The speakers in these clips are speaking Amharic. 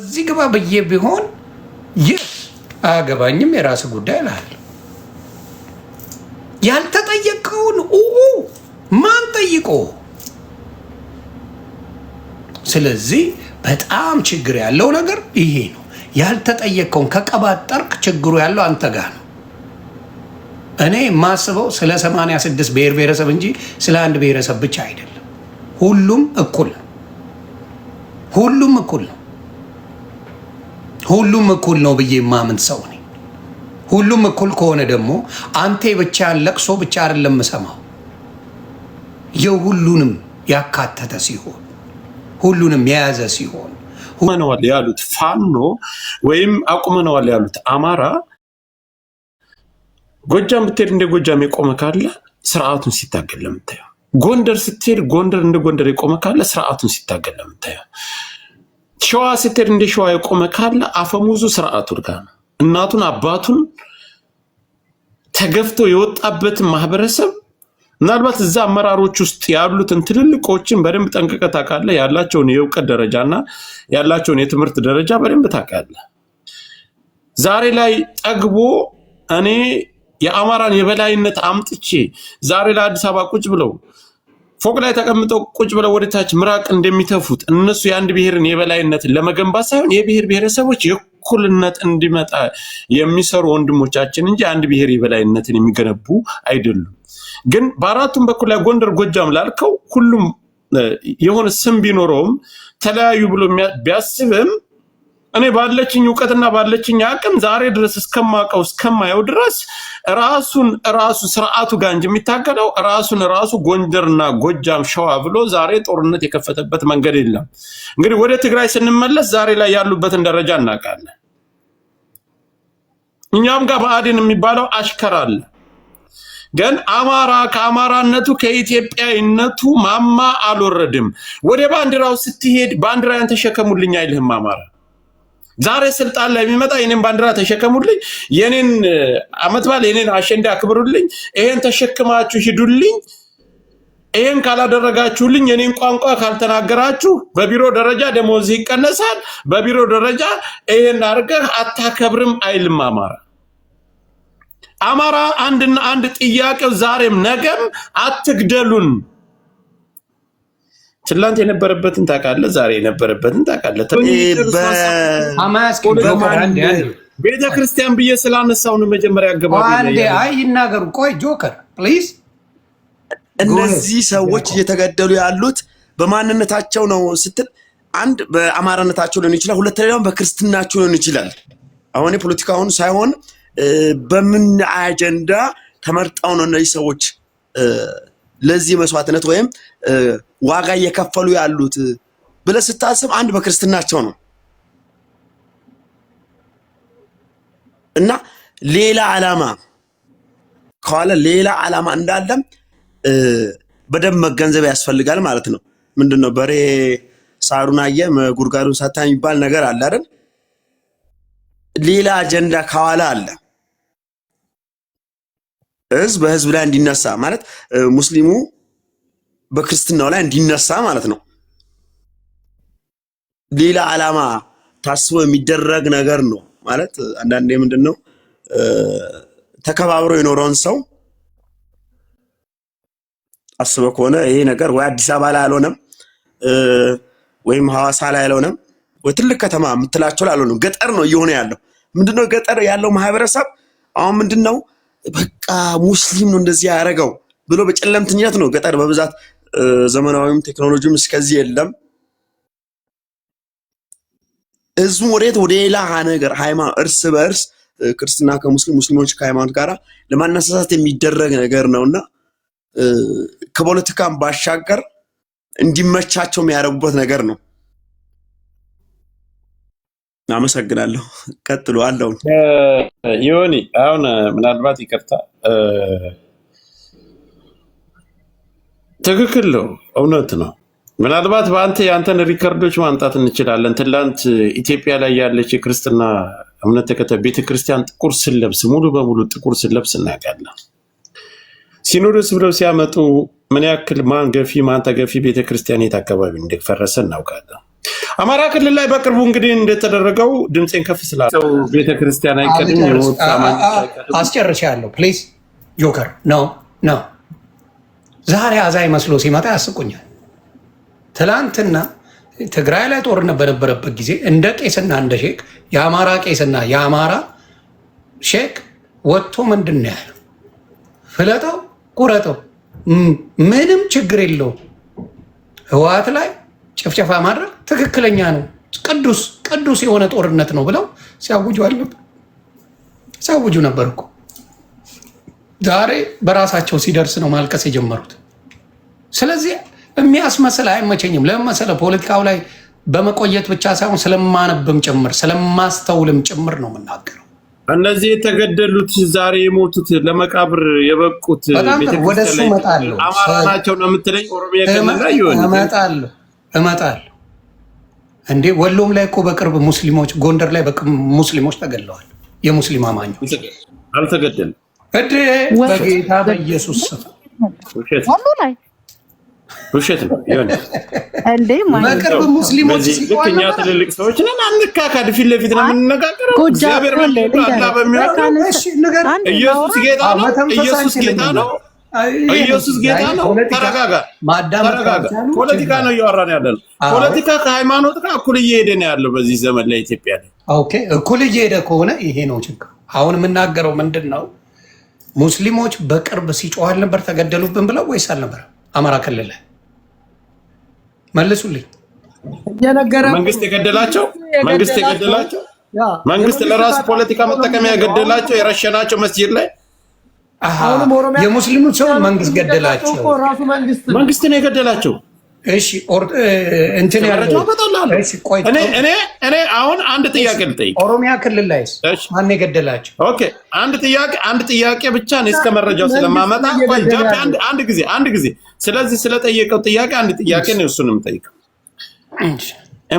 እዚህ ግባ ብዬ ቢሆን ይህ አያገባኝም የራስ ጉዳይ ላል ያልተጠየቀውን ማን ጠይቆ? ስለዚህ በጣም ችግር ያለው ነገር ይሄ ነው። ያልተጠየቀውን ከቀባጠርክ ችግሩ ያለው አንተ ጋር ነው። እኔ የማስበው ስለ 86 ብሔር ብሔረሰብ እንጂ ስለ አንድ ብሔረሰብ ብቻ አይደለም። ሁሉም እኩል ነው። ሁሉም እኩል ነው። ሁሉም እኩል ነው ብዬ የማምን ሰው ነኝ። ሁሉም እኩል ከሆነ ደግሞ አንተ ብቻህን ለቅሶ ብቻ አይደለም የምሰማው፣ የሁሉንም ያካተተ ሲሆን ሁሉንም የያዘ ሲሆን አቁመነዋል ያሉት ፋኖ ወይም አቁመነዋል ያሉት አማራ ጎጃም ብትሄድ እንደ ጎጃም የቆመ ካለ ስርዓቱን ሲታገል ለምታየው፣ ጎንደር ስትሄድ ጎንደር እንደ ጎንደር የቆመ ካለ ስርዓቱን ሲታገል ለምታየው ሸዋ ስትሄድ እንደ ሸዋ የቆመ ካለ አፈሙዙ ስርዓቱ ድጋ ነው። እናቱን አባቱን ተገፍቶ የወጣበትን ማህበረሰብ ምናልባት እዛ አመራሮች ውስጥ ያሉትን ትልልቆችን በደንብ ጠንቅቀህ ታውቃለህ። ያላቸውን የእውቀት ደረጃና ያላቸውን የትምህርት ደረጃ በደንብ ታውቃለህ። ዛሬ ላይ ጠግቦ እኔ የአማራን የበላይነት አምጥቼ ዛሬ ላይ አዲስ አበባ ቁጭ ብለው ፎቅ ላይ ተቀምጠው ቁጭ ብለው ወደታች ምራቅ እንደሚተፉት እነሱ የአንድ ብሔርን የበላይነትን ለመገንባት ሳይሆን የብሔር ብሔረሰቦች እኩልነት እንዲመጣ የሚሰሩ ወንድሞቻችን እንጂ አንድ ብሔር የበላይነትን የሚገነቡ አይደሉም። ግን በአራቱም በኩል ላይ ጎንደር፣ ጎጃም ላልከው ሁሉም የሆነ ስም ቢኖረውም ተለያዩ ብሎ ቢያስብም እኔ ባለችኝ እውቀትና ባለችኝ አቅም ዛሬ ድረስ እስከማውቀው እስከማየው ድረስ ራሱን ራሱ ስርዓቱ ጋር እንጂ የሚታገለው ራሱን ራሱ ጎንደርና ጎጃም ሸዋ ብሎ ዛሬ ጦርነት የከፈተበት መንገድ የለም። እንግዲህ ወደ ትግራይ ስንመለስ ዛሬ ላይ ያሉበትን ደረጃ እናውቃለን። እኛም ጋር ብአዴን የሚባለው አሽከር አለ። ግን አማራ ከአማራነቱ ከኢትዮጵያዊነቱ ማማ አልወረድም። ወደ ባንዲራው ስትሄድ ባንዲራን ተሸከሙልኝ አይልህም አማራ ዛሬ ስልጣን ላይ የሚመጣ የኔን ባንዲራ ተሸከሙልኝ፣ የኔን አመት በዓል የኔን አሸንዳ አክብሩልኝ፣ ይሄን ተሸክማችሁ ሂዱልኝ፣ ይሄን ካላደረጋችሁልኝ፣ የኔን ቋንቋ ካልተናገራችሁ በቢሮ ደረጃ ደሞዝ ይቀነሳል፣ በቢሮ ደረጃ ይሄን አድርገህ አታከብርም አይልም አማራ። አማራ አንድና አንድ ጥያቄው ዛሬም ነገም አትግደሉን ትላንት የነበረበትን ታውቃለህ፣ ዛሬ የነበረበትን ታውቃለህ። ቤተ ክርስቲያን ብዬ ስላነሳው ነው መጀመሪያ አገባቢ። አይ ይናገሩ። ቆይ ጆከር ፕሊዝ። እነዚህ ሰዎች እየተገደሉ ያሉት በማንነታቸው ነው ስትል አንድ በአማራነታቸው ሊሆን ይችላል፣ ሁለት ደግሞ በክርስትናቸው ሊሆን ይችላል። አሁን የፖለቲካውን ሳይሆን በምን አጀንዳ ተመርጠው ነው እነዚህ ሰዎች ለዚህ መስዋዕትነት ወይም ዋጋ እየከፈሉ ያሉት ብለህ ስታስብ አንድ በክርስትናቸው ነው እና ሌላ ዓላማ ከኋላ ሌላ ዓላማ እንዳለም በደንብ መገንዘብ ያስፈልጋል ማለት ነው። ምንድን ነው በሬ ሳሩን አየ ጉድጓዱን ሳታ የሚባል ነገር አለ አይደል? ሌላ አጀንዳ ከኋላ አለ። ህዝብ በህዝብ ላይ እንዲነሳ ማለት ሙስሊሙ በክርስትናው ላይ እንዲነሳ ማለት ነው። ሌላ ዓላማ ታስቦ የሚደረግ ነገር ነው ማለት አንዳንዴ ምንድን ነው ተከባብሮ የኖረውን ሰው አስበ ከሆነ ይሄ ነገር ወይ አዲስ አበባ ላይ አልሆነም፣ ወይም ሐዋሳ ላይ አልሆነም፣ ወይ ትልቅ ከተማ የምትላቸው ላይ አልሆነም። ገጠር ነው እየሆነ ያለው። ምንድነው ገጠር ያለው ማህበረሰብ አሁን ምንድነው በቃ ሙስሊም ነው እንደዚህ ያደረገው ብሎ በጨለምትኝነት ነው ገጠር በብዛት ዘመናዊም ቴክኖሎጂም እስከዚህ የለም። ህዝቡ ወዴት ወደ ሌላ ነገር ሃይማኖት፣ እርስ በእርስ ክርስትና ከሙስሊም ሙስሊሞች ከሃይማኖት ጋር ለማነሳሳት የሚደረግ ነገር ነውና ከፖለቲካም ባሻገር እንዲመቻቸው የሚያደርጉበት ነገር ነው። አመሰግናለሁ። ቀጥሉ። አለው ዮኒ፣ አሁን ምናልባት ይቅርታ፣ ትክክል ነው፣ እውነት ነው። ምናልባት በአንተ የአንተን ሪከርዶች ማምጣት እንችላለን። ትላንት ኢትዮጵያ ላይ ያለች የክርስትና እምነት ተከታይ ቤተክርስቲያን ጥቁር ስለብስ ሙሉ በሙሉ ጥቁር ስለብስ እናውቃለን። ሲኖዶስ ብለው ሲያመጡ ምን ያክል ማን ገፊ ማን ተገፊ ቤተክርስቲያን የት አካባቢ እንደፈረሰ እናውቃለን። አማራ ክልል ላይ በቅርቡ እንግዲህ እንደተደረገው ድምፄን ከፍ ስላለ ቤተክርስቲያን አይቀድም አስጨርሻለሁ። ፕሊዝ ጆከር ነው ነው ዛሬ አዛይ መስሎ ሲመጣ ያስቁኛል። ትላንትና ትግራይ ላይ ጦርነት በነበረበት ጊዜ እንደ ቄስና እንደ ሼክ የአማራ ቄስና የአማራ ሼክ ወጥቶ ምንድን ነው ያለው? ፍለጠው ቁረጠው ምንም ችግር የለው ህወሓት ላይ ጭፍጨፋ ማድረግ ትክክለኛ ነው፣ ቅዱስ ቅዱስ የሆነ ጦርነት ነው ብለው ሲያውጁ አልነበር ሲያውጁ ነበር እኮ። ዛሬ በራሳቸው ሲደርስ ነው ማልቀስ የጀመሩት። ስለዚህ የሚያስመስል አይመቸኝም። ለምን ፖለቲካው ላይ በመቆየት ብቻ ሳይሆን ስለማነብም ጭምር ስለማስተውልም ጭምር ነው የምናገረው። እነዚህ የተገደሉት ዛሬ የሞቱት ለመቃብር የበቁት ወደሱ እመጣለሁ። አማራ ናቸው ነው የምትለኝ? ኦሮሚያ ከመጣ ይሆን እመጣለሁ እመጣለሁ። እንዴ ወሎም ላይ እኮ በቅርብ ሙስሊሞች ጎንደር ላይ በቅርብ ሙስሊሞች ተገለዋል። የሙስሊም አማኞች አልተገደል እድ በጌታ በኢየሱስ ሁሉ ላይ ውሸት ነው። በቅርብ ሙስሊሞች እኛ ትልልቅ ሰዎች ነን፣ አንካካድ፣ ፊት ለፊት ነው የምንነጋገረው። እግዚአብሔር በሚሆ ኢየሱስ ጌታ ነው። ኢየሱስ ጌታ ነው። ኢየሱስ ጌታ ነው። ተረጋጋ፣ ፖለቲካ ነው እያወራን ያለ ነው። ፖለቲካ ከሃይማኖት ጋር እኩል እየሄደ ነው ያለው በዚህ ዘመን ላይ ኢትዮጵያ ላይ። ኦኬ፣ እኩል እየሄደ ከሆነ ይሄ ነው ችግር። አሁን የምናገረው ምንድን ነው? ሙስሊሞች በቅርብ ሲጮሃል ነበር ተገደሉብን ብለው ወይስ አልነበረ? አማራ ክልል ላይ መልሱልኝ። መንግስት የገደላቸው መንግስት የገደላቸው መንግስት ለራሱ ፖለቲካ መጠቀሚያ የገደላቸው የረሸናቸው መስጂድ ላይ የሙስሊሙን ሰው መንግስት ገደላቸው። መንግስት ነው የገደላቸው። እሺ እንትን እኔ አሁን አንድ ጥያቄ ልጠይቅ። ኦሮሚያ ክልል ላይ ማን የገደላቸው? ኦኬ አንድ ጥያቄ አንድ ጥያቄ ብቻ ነው እስከ መረጃው ስለማመጣ አንድ ጊዜ አንድ ጊዜ ስለዚህ ስለጠየቀው ጥያቄ አንድ ጥያቄ ነው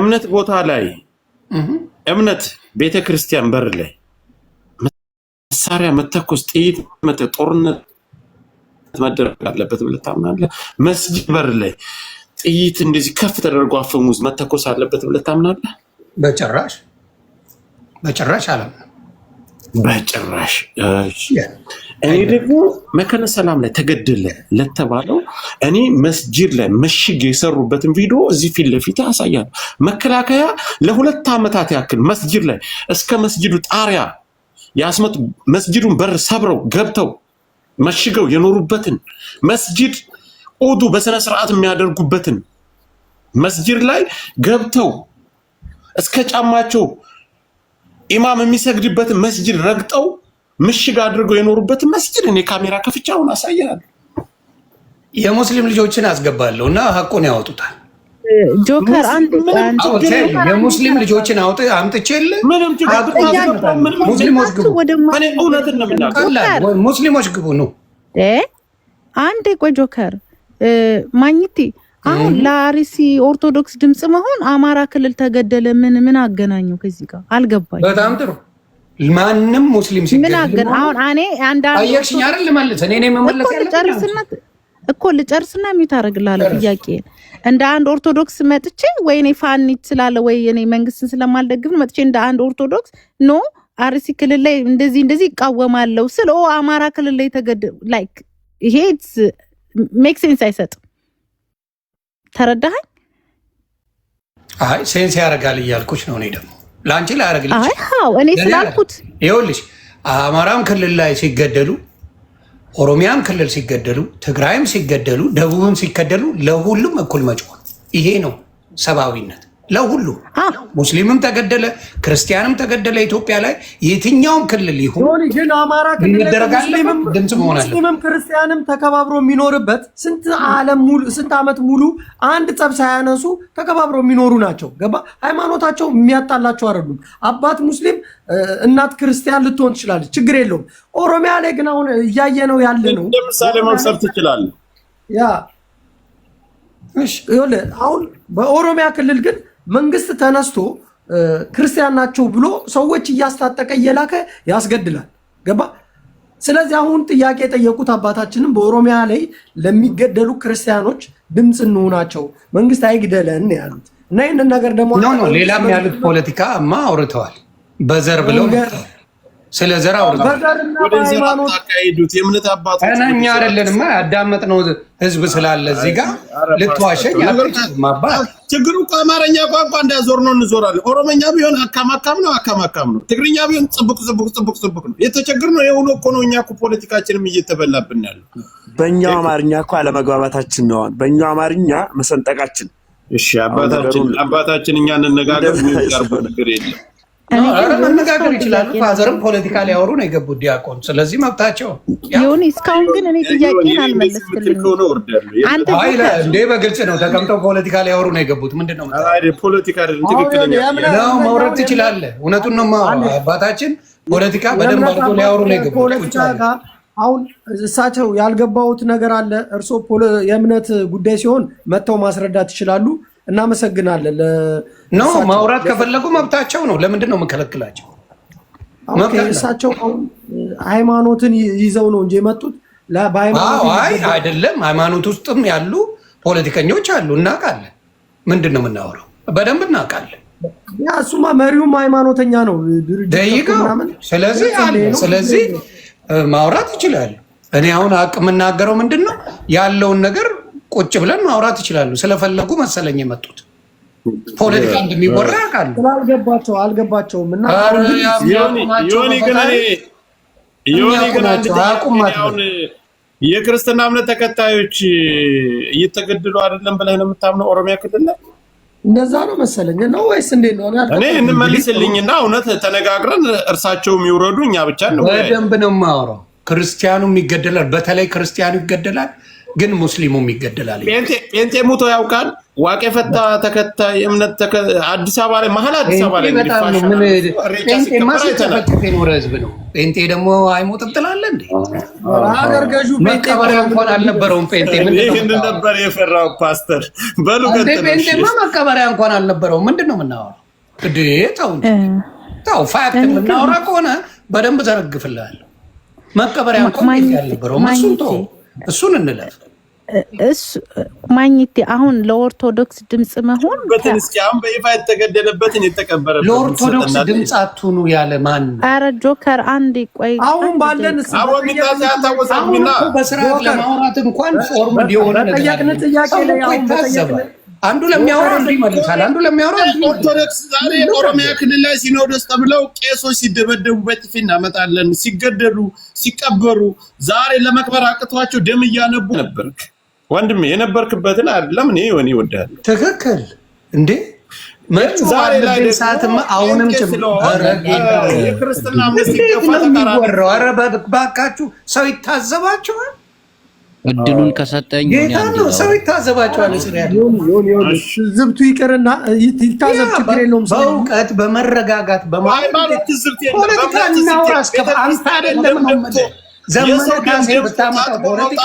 እምነት ቦታ ላይ እምነት ቤተክርስቲያን በር ላይ መሳሪያ መተኮስ፣ ጥይት መጠ ጦርነት መደረግ አለበት ብለህ ታምናለህ? መስጊድ በር ላይ ጥይት እንደዚህ ከፍ ተደርጎ አፈሙዝ መተኮስ አለበት ብለህ ታምናለህ? በጭራሽ በጭራሽ አለ በጭራሽ። እኔ ደግሞ መከነ ሰላም ላይ ተገደለ ለተባለው እኔ መስጂድ ላይ ምሽግ የሰሩበትን ቪዲዮ እዚህ ፊት ለፊት ያሳያል። መከላከያ ለሁለት ዓመታት ያክል መስጂድ ላይ እስከ መስጂዱ ጣሪያ የአስመጡ መስጂዱን በር ሰብረው ገብተው መሽገው የኖሩበትን መስጂድ ኡዱ በስነ ስርዓት የሚያደርጉበትን መስጂድ ላይ ገብተው እስከ ጫማቸው ኢማም የሚሰግድበትን መስጂድ ረግጠው ምሽግ አድርገው የኖሩበትን መስጂድ እኔ ካሜራ ከፍቻ አሁን አሳያለሁ። የሙስሊም ልጆችን አስገባለሁ እና ሀቁን ያወጡታል። ጆከር አንድ የሙስሊም ልጆችን አውጥ አምጥቼ የለ ሙስሊሞች ግቡ ሙስሊሞች ግቡ ነው። አንድ ቆይ ጆከር ማኝቲ አሁን ለአርሲ ኦርቶዶክስ ድምፅ መሆን አማራ ክልል ተገደለ ምን ምን አገናኙ ከዚህ ጋር አልገባኝ። በጣም ጥሩ ማንም ሙስሊም ሲገ ምን አገና አሁን እኔ አንድ አየሽኝ አይደል ማለት እኔ እኔ መመለስ ያለ እኮ ልጨርስና ሚት የሚታረግላለሁ ጥያቄ እንደ አንድ ኦርቶዶክስ መጥቼ ወይ እኔ ፋኒ ስላለ ወይ እኔ መንግስትን ስለማልደግፍ መጥቼ እንደ አንድ ኦርቶዶክስ ኖ አርሲ ክልል ላይ እንደዚህ እንደዚህ ይቃወማለሁ ስለ አማራ ክልል ላይ ተገድ ላይክ ይሄ ሜክ ሴንስ አይሰጥም። ተረዳኸኝ? አይ ሴንስ ያደርጋል እያልኩች ነው። እኔ ደግሞ ለአንቺ ላያደርግልሽ እኔ ስላልኩት ይኸውልሽ አማራም ክልል ላይ ሲገደሉ ኦሮሚያም ክልል ሲገደሉ፣ ትግራይም ሲገደሉ፣ ደቡብም ሲገደሉ ለሁሉም እኩል መጮህ ይሄ ነው ሰብአዊነት። ለሁሉ ሙስሊምም ተገደለ፣ ክርስቲያንም ተገደለ። ኢትዮጵያ ላይ የትኛውም ክልል ይሁን ግን አማራ ክልል ሙስሊምም ክርስቲያንም ተከባብሮ የሚኖርበት ስንት ዓለም ሙሉ ስንት ዓመት ሙሉ አንድ ጸብ ሳያነሱ ተከባብሮ የሚኖሩ ናቸው። ገባ ሃይማኖታቸው የሚያጣላቸው አይደሉም። አባት ሙስሊም፣ እናት ክርስቲያን ልትሆን ትችላለች፣ ችግር የለውም። ኦሮሚያ ላይ ግን አሁን እያየ ነው ያለ ነው። ለምሳሌ መብሰር ትችላለህ። ያ አሁን በኦሮሚያ ክልል ግን መንግስት ተነስቶ ክርስቲያን ናቸው ብሎ ሰዎች እያስታጠቀ እየላከ ያስገድላል። ገባ? ስለዚህ አሁን ጥያቄ የጠየቁት አባታችንም በኦሮሚያ ላይ ለሚገደሉ ክርስቲያኖች ድምፅ እንሆናቸው መንግስት አይግደለን ያሉት እና ይህንን ነገር ደግሞ ሌላም ያሉት ፖለቲካ እማ አውርተዋል በዘር ብለው ስለ ዘር አውርዱት። የእምነት አባቶች እኛ አይደለንማ ያዳመጥነው ህዝብ ስላለ እዚህ ጋር ልትዋሸኝ አባት። ችግሩ እኮ አማርኛ ቋንቋ እንዳዞር ነው፣ እንዞራለን። ኦሮሞኛ ቢሆን አካማካም ነው፣ አካማካም ነው። ትግርኛ ቢሆን ጽቡቅ ጽቡቅ ጽቡቅ ጽቡቅ ነው። የተቸገርነው የሆነ እኮ ነው። እኛ እኮ ፖለቲካችንም እየተበላብን ያለ በእኛው አማርኛ እኮ አለመግባባታችን ነው። በእኛው አማርኛ መሰንጠቃችን። እሺ አባታችን፣ እኛ እንነጋገር፣ የሚቀርቡ ነገር የለም መነጋገር ይችላሉ። ፋዘርም ፖለቲካ ሊያወሩ ነው የገቡት ዲያቆን፣ ስለዚህ መብታቸው ይሁን። እስካሁን ግን እኔ ጥያቄን አልመለስክልኝም። እንዴ በግልጽ ነው ተቀምጠው ፖለቲካ ሊያወሩ ነው የገቡት። ምንድን ነው ነው መውረድ ትችላለህ። እውነቱን ነው አባታችን፣ ፖለቲካ በደንብ አድርጎ ሊያወሩ ነው የገቡት። አሁን እሳቸው ያልገባሁት ነገር አለ። እርስዎ የእምነት ጉዳይ ሲሆን መጥተው ማስረዳት ይችላሉ። እናመሰግናለን። ኖ ማውራት ከፈለጉ መብታቸው ነው። ለምንድን ነው የምንከለክላቸው? እሳቸው ሃይማኖትን ይዘው ነው እንጂ የመጡት አይደለም። ሃይማኖት ውስጥም ያሉ ፖለቲከኞች አሉ፣ እናውቃለን። ምንድን ነው የምናወራው? በደንብ እናውቃለን። እሱማ መሪውም ሃይማኖተኛ ነው። ስለዚህ ስለዚህ ማውራት ይችላሉ። እኔ አሁን አቅ የምናገረው ምንድን ነው ያለውን ነገር ቁጭ ብለን ማውራት ይችላሉ። ስለፈለጉ መሰለኝ የመጡት ፖለቲካ እንደሚወራ ያውቃሉ። አልገባቸው አልገባቸውም። የክርስትና እምነት ተከታዮች እየተገደሉ አይደለም ብለህ ነው የምታምነው? ኦሮሚያ ክልል ላይ እንደዛ ነው መሰለኝ ነው ወይስ እንዴት ነው? እኔ እንመልስልኝና እውነት ተነጋግረን እርሳቸውም ይውረዱ እኛ ብቻ ነው በደንብ ነው የማወራው ክርስቲያኑም ይገደላል። በተለይ ክርስቲያኑ ይገደላል፣ ግን ሙስሊሙም ይገደላል። ጴንጤ ሙቶ ያውቃል። ዋቄ ፈታ ተከታይ እምነት አዲስ አበባ ላይ መሀል አዲስ አበባ ላይ ህዝብ ነው። ጴንጤ ደግሞ አይሞትም ትላለህ እንዴ? ሀገር ገዡ መቀበሪያ እንኳን አልነበረውም። ጴንጤ ይህን ነበር የፈራው ፓስተር በሉ። ጴንጤማ መቀበሪያ እንኳን አልነበረውም። ምንድን ነው የምናወራው? ተው ተው፣ ፋክት የምናወራ ከሆነ በደንብ ዘረግፍልሃለሁ መቀበሪያ እንኳን እሱን እንለፍ። እሱ ማግኘቴ አሁን ለኦርቶዶክስ ድምፅ መሆን አሁን በይፋ የተገደለበትን የተቀበረበት ለኦርቶዶክስ ድምፅ አትሁኑ ያለ ማን ነው? ጆከር አንድ ቆይ፣ አሁን ባለን በስርዓት ለማውራት እንኳን ፎርም ሊሆነ ጥያቄ ላይ አንዱ ለሚያወራ አንዱ ይመልሳል። አንዱ ለሚያወራ ኦርቶዶክስ ዛሬ ኦሮሚያ ክልል ላይ ሲኖዶስ ተብለው ቄሶች ሲደበደቡ በጥፊ እናመጣለን፣ ሲገደሉ፣ ሲቀበሩ ዛሬ ለመቅበር አቅቷቸው ደም እያነቡ ነበርክ። ወንድሜ የነበርክበትን አይደለም እኔ ወኔ ይወዳል። ትክክል እንዴ ዛሬ ላይ ሰዓትማ አሁንም ጭምር የክርስትና ምስ ይገፋ ተቃራ ባካችሁ ሰው ይታዘባቸዋል። እድሉን ከሰጠኝ ነው። ጌታ ሰው ይታዘባቸዋል። ዝብቱ ይቅርና ይታዘብ፣ ችግር የለውም። በእውቀት በመረጋጋት ፖለቲካ እናውራ። አንተ አይደለም ዘመነ ካሴ ብታመጣ ፖለቲካ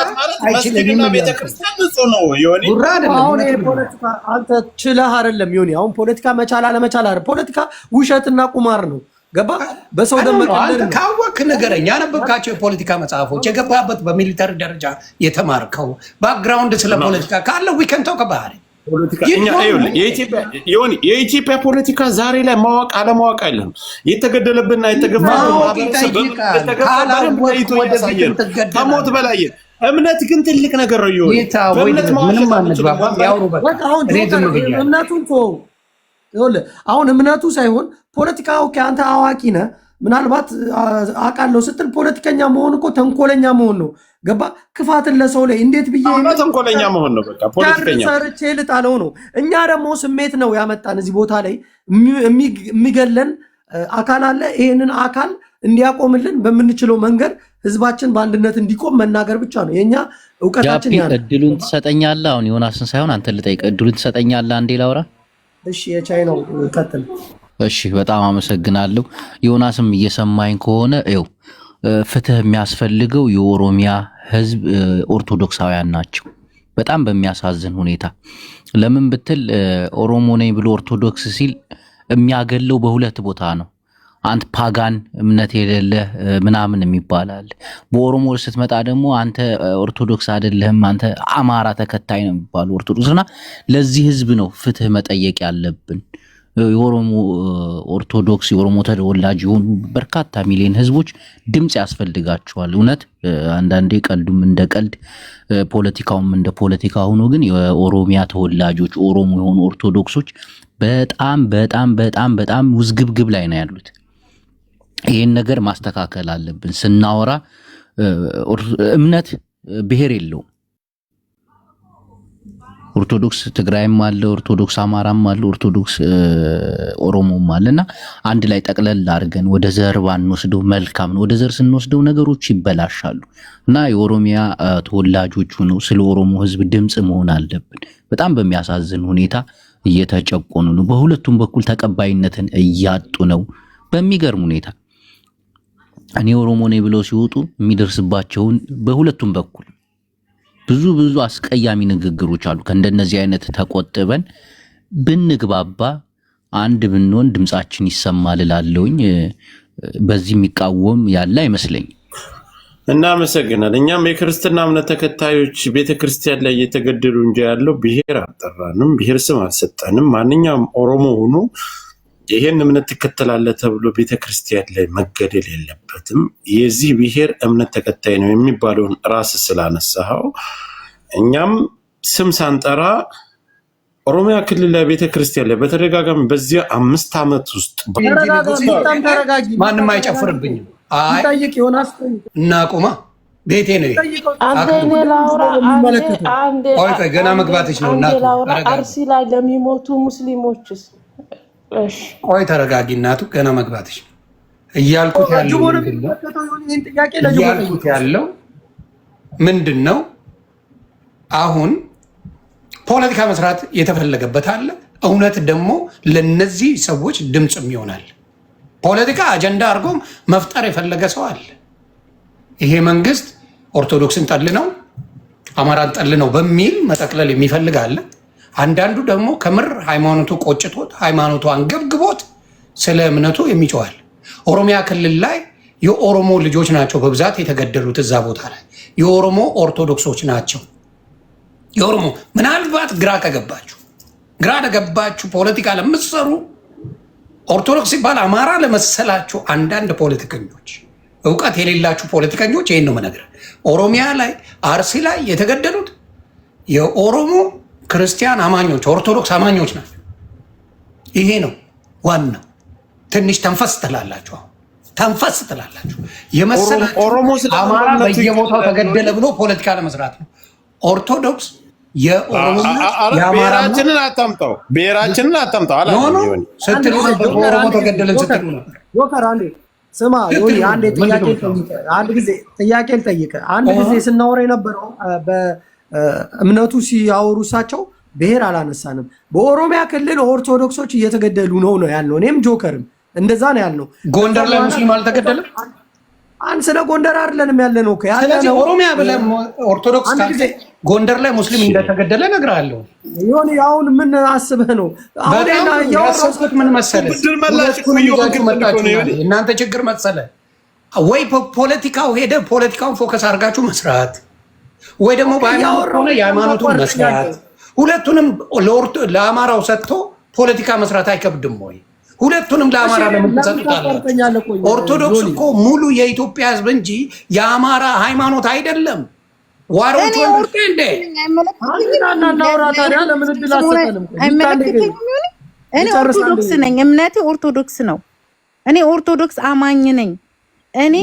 አይችልም። ፖለቲካ አንተ ችለህ አይደለም ዮኒ። አሁን ፖለቲካ መቻል አለመቻል ፖለቲካ ውሸትና ቁማር ነው። ገባ በሰው ደም መቀለድ ካወክ ንገረኝ። ያነበብካቸው የፖለቲካ መጽሐፎች፣ የገባበት በሚሊተሪ ደረጃ የተማርከው ባክግራውንድ ስለ ፖለቲካ ካለ ዊከንተው ከባህሪ የኢትዮጵያ ፖለቲካ ዛሬ ላይ ማወቅ አለማወቅ አይለም። የተገደለብና የተገፋበት ከሞት በላይ እምነት ግን ትልቅ ነገር ነው። ይሁን እምነቱን አሁን እምነቱ ሳይሆን ፖለቲካ አንተ አዋቂ ነህ ምናልባት አውቃለሁ ስትል ፖለቲከኛ መሆን እኮ ተንኮለኛ መሆን ነው። ገባ ክፋትን ለሰው ላይ እንዴት ብዬ ተንኮለኛ መሆን ነው። በቃ ፖለቲከኛ ሰርቼ ልጣለው ነው። እኛ ደግሞ ስሜት ነው ያመጣን እዚህ ቦታ ላይ የሚገለን አካል አለ። ይሄንን አካል እንዲያቆምልን በምንችለው መንገድ ህዝባችን በአንድነት እንዲቆም መናገር ብቻ ነው የኛ እውቀታችን። እድሉን ትሰጠኛለህ? አሁን ዮናስን ሳይሆን አንተን ልጠይቅ። እድሉን ትሰጠኛለህ? አንዴ ላውራ እሺ የቻይናው ቀጥል። እሺ በጣም አመሰግናለሁ። ዮናስም እየሰማኝ ከሆነ ው ፍትህ የሚያስፈልገው የኦሮሚያ ህዝብ ኦርቶዶክሳውያን ናቸው። በጣም በሚያሳዝን ሁኔታ ለምን ብትል ኦሮሞ ነኝ ብሎ ኦርቶዶክስ ሲል የሚያገለው በሁለት ቦታ ነው። አንተ ፓጋን እምነት የሌለህ ምናምን የሚባላል። በኦሮሞ ስትመጣ ደግሞ አንተ ኦርቶዶክስ አይደለህም አንተ አማራ ተከታይ ነው የሚባሉ ኦርቶዶክስ እና ለዚህ ህዝብ ነው ፍትህ መጠየቅ ያለብን። የኦሮሞ ኦርቶዶክስ የኦሮሞ ተወላጅ የሆኑ በርካታ ሚሊዮን ህዝቦች ድምፅ ያስፈልጋቸዋል። እውነት አንዳንዴ ቀልዱም እንደ ቀልድ ፖለቲካውም እንደ ፖለቲካ ሆኖ ግን የኦሮሚያ ተወላጆች ኦሮሞ የሆኑ ኦርቶዶክሶች በጣም በጣም በጣም በጣም ውዝግብግብ ላይ ነው ያሉት። ይህን ነገር ማስተካከል አለብን። ስናወራ እምነት ብሔር የለውም። ኦርቶዶክስ ትግራይም አለ፣ ኦርቶዶክስ አማራም አለ፣ ኦርቶዶክስ ኦሮሞም አለ እና አንድ ላይ ጠቅለል አድርገን ወደ ዘር ባንወስደው መልካም ነው። ወደ ዘር ስንወስደው ነገሮች ይበላሻሉ እና የኦሮሚያ ተወላጆች ነው ስለ ኦሮሞ ሕዝብ ድምፅ መሆን አለብን። በጣም በሚያሳዝን ሁኔታ እየተጨቆኑ ነው። በሁለቱም በኩል ተቀባይነትን እያጡ ነው በሚገርም ሁኔታ እኔ ኦሮሞ ነኝ ብለው ሲወጡ የሚደርስባቸውን በሁለቱም በኩል ብዙ ብዙ አስቀያሚ ንግግሮች አሉ። ከእንደነዚህ አይነት ተቆጥበን ብንግባባ አንድ ብንሆን ድምፃችን ይሰማል እላለሁኝ። በዚህ የሚቃወም ያለ እና እናመሰግናል። እኛም የክርስትና እምነት ተከታዮች ቤተክርስቲያን ላይ እየተገደሉ እንጂ ያለው ብሔር አልጠራንም፣ ብሔር ስም አልሰጠንም። ማንኛውም ኦሮሞ ሆኖ ይህን እምነት ትከተላለህ ተብሎ ቤተክርስቲያን ላይ መገደል የለበትም። የዚህ ብሔር እምነት ተከታይ ነው የሚባለውን ራስ ስላነሳኸው እኛም ስም ሳንጠራ ኦሮሚያ ክልል ላይ ቤተክርስቲያን ላይ በተደጋጋሚ በዚህ አምስት ዓመት ውስጥ ማንም አይጨፍርብኝም። ጠይቅ ቤቴ ነው። ገና መግባትች ነው። አርሲ ላይ ለሚሞቱ ሙስሊሞችስ ቆይ ተረጋጊ፣ እናቱ ገና መግባትሽ እያልኩት ያለው ምንድን ነው? አሁን ፖለቲካ መስራት የተፈለገበት አለ። እውነት ደግሞ ለነዚህ ሰዎች ድምፅም ይሆናል። ፖለቲካ አጀንዳ አድርጎም መፍጠር የፈለገ ሰው አለ። ይሄ መንግስት ኦርቶዶክስን ጠል ነው፣ አማራን ጠል ነው በሚል መጠቅለል የሚፈልግ አለ። አንዳንዱ ደግሞ ከምር ሃይማኖቱ ቆጭቶት ሃይማኖቱ አንገብግቦት ስለ እምነቱ የሚጮዋል። ኦሮሚያ ክልል ላይ የኦሮሞ ልጆች ናቸው በብዛት የተገደሉት እዛ ቦታ ላይ የኦሮሞ ኦርቶዶክሶች ናቸው። የኦሮሞ ምናልባት ግራ ከገባችሁ ግራ ከገባችሁ ፖለቲካ ለምትሰሩ ኦርቶዶክስ ሲባል አማራ ለመሰላችሁ አንዳንድ ፖለቲከኞች እውቀት የሌላችሁ ፖለቲከኞች ይህን ነው መነገር። ኦሮሚያ ላይ አርሲ ላይ የተገደሉት የኦሮሞ ክርስቲያን አማኞች ኦርቶዶክስ አማኞች ናቸው። ይሄ ነው ዋናው። ትንሽ ተንፈስ ትላላችሁ፣ ተንፈስ ትላላችሁ። የመሰላችሁ አማራ በየቦታው ተገደለ ብሎ ፖለቲካ ለመስራት ነው። ኦርቶዶክስ ብሔራችንን አታምጣው፣ ብሔራችንን ስትሉ ኦሮሞ ተገደለ ስትሉ ነበር። ስማ አንድ ጊዜ ጥያቄ አንድ ጊዜ ስናወራ የነበረው እምነቱ ሲያወሩ እሳቸው ብሔር አላነሳንም። በኦሮሚያ ክልል ኦርቶዶክሶች እየተገደሉ ነው ነው ያልነው። እኔም ጆከርም እንደዛ ነው ያልነው። ጎንደር ላይ ሙስሊም አልተገደለም። አንድ ስለ ጎንደር አይደለንም ያለ ነው። ስለዚህ ኦሮሚያ ብለህ ኦርቶዶክስ ጎንደር ላይ ሙስሊም እንደተገደለ እነግርሃለሁ። ይሁን አሁን ምን አስበህ ነው? ያሰብኩት ምን መሰለህ፣ እናንተ ችግር መሰለህ ወይ ፖለቲካው ሄደ፣ ፖለቲካውን ፎከስ አድርጋችሁ መስራት ወይ ደግሞ በሃይማኖት ሆነ የሃይማኖቱን መስራት ሁለቱንም ለአማራው ሰጥቶ ፖለቲካ መስራት አይከብድም ወይ? ሁለቱንም ለአማራ ለምንሰጡታለ? ኦርቶዶክስ እኮ ሙሉ የኢትዮጵያ ህዝብ እንጂ የአማራ ሃይማኖት አይደለም። ዋሮች እንዴ እናውራ ታዲያ። ለምን እድል እኔ ኦርቶዶክስ ነኝ። እምነቴ ኦርቶዶክስ ነው። እኔ ኦርቶዶክስ አማኝ ነኝ። እኔ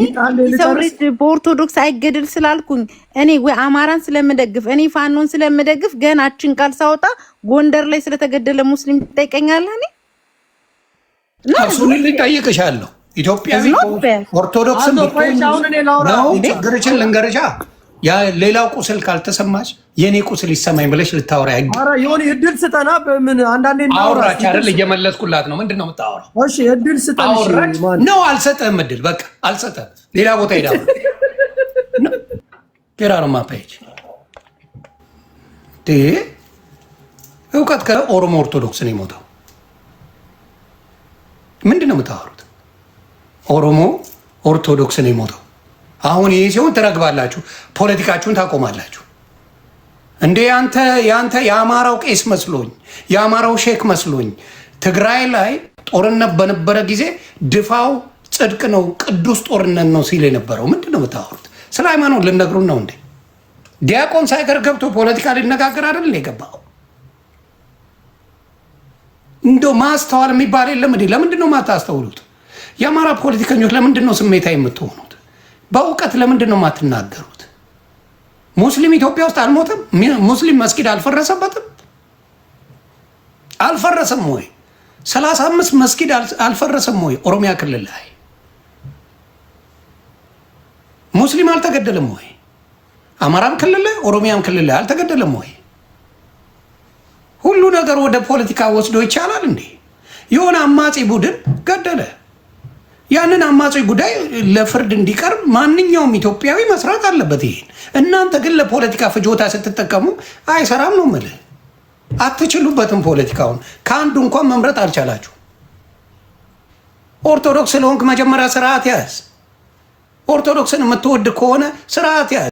ሰው ልጅ በኦርቶዶክስ አይገድል ስላልኩኝ እኔ ወይ አማራን ስለምደግፍ እኔ ፋኖን ስለምደግፍ አችን ቃል ሳወጣ ጎንደር ላይ ስለተገደለ ሙስሊም ትጠይቀኛለህ? እኔ አብሶሉትሊ እጠይቅሻለሁ። ኢትዮጵያ ኦርቶዶክስ ነው። ችግርሽን ልንገርሻ ሌላው ቁስል ካልተሰማች የእኔ ቁስል ይሰማኝ ብለሽ ልታወራ ያ የሆነ እድል ስጠና። ምን አንዳንዴ አወራች አይደል? እየመለስኩላት ነው። ምንድን ነው የምታወራው? እሺ እድል ስጠን ነው። አልሰጠህም እድል። በቃ አልሰጠህም። ሌላ ቦታ ሄዳ ጌራ ነው ማፓሄጅ እውቀት ከኦሮሞ ኦርቶዶክስ ነው የሞተው። ምንድን ነው የምታወሩት? ኦሮሞ ኦርቶዶክስ ነው የሞተው። አሁን ይህ ሲሆን ትረግባላችሁ፣ ፖለቲካችሁን ታቆማላችሁ። እንደ ያንተ ያንተ የአማራው ቄስ መስሎኝ የአማራው ሼክ መስሎኝ ትግራይ ላይ ጦርነት በነበረ ጊዜ ድፋው ጽድቅ ነው ቅዱስ ጦርነት ነው ሲል የነበረው ምንድን ነው የምታወሩት? ስለ ሃይማኖት ልነግሩን ነው እንዴ? ዲያቆን ሳይቀር ገብቶ ፖለቲካ ሊነጋገር አይደል የገባው? እንደ ማስተዋል የሚባል የለም እንዴ? ለምንድን ነው የማታስተውሉት? የአማራ ፖለቲከኞች ለምንድን ነው ስሜታ የምትሆኑት? በእውቀት ለምንድን ነው የማትናገሩት? ሙስሊም ኢትዮጵያ ውስጥ አልሞተም? ሙስሊም መስጊድ አልፈረሰበትም? አልፈረሰም ወይ? ሰላሳ አምስት መስጊድ አልፈረሰም ወይ? ኦሮሚያ ክልል ላይ ሙስሊም አልተገደለም ወይ? አማራም ክልል ላይ ኦሮሚያም ክልል ላይ አልተገደለም ወይ? ሁሉ ነገር ወደ ፖለቲካ ወስዶ ይቻላል እንዴ? የሆነ አማጺ ቡድን ገደለ። ያንን አማጺ ጉዳይ ለፍርድ እንዲቀርብ ማንኛውም ኢትዮጵያዊ መስራት አለበት። ይሄን እናንተ ግን ለፖለቲካ ፍጆታ ስትጠቀሙ አይሰራም ነው የምልህ። አትችሉበትም። ፖለቲካውን ከአንዱ እንኳን መምረጥ አልቻላችሁ። ኦርቶዶክስ ስለሆንክ መጀመሪያ ስርዓት ያዝ። ኦርቶዶክስን የምትወድ ከሆነ ስርዓት ያዝ።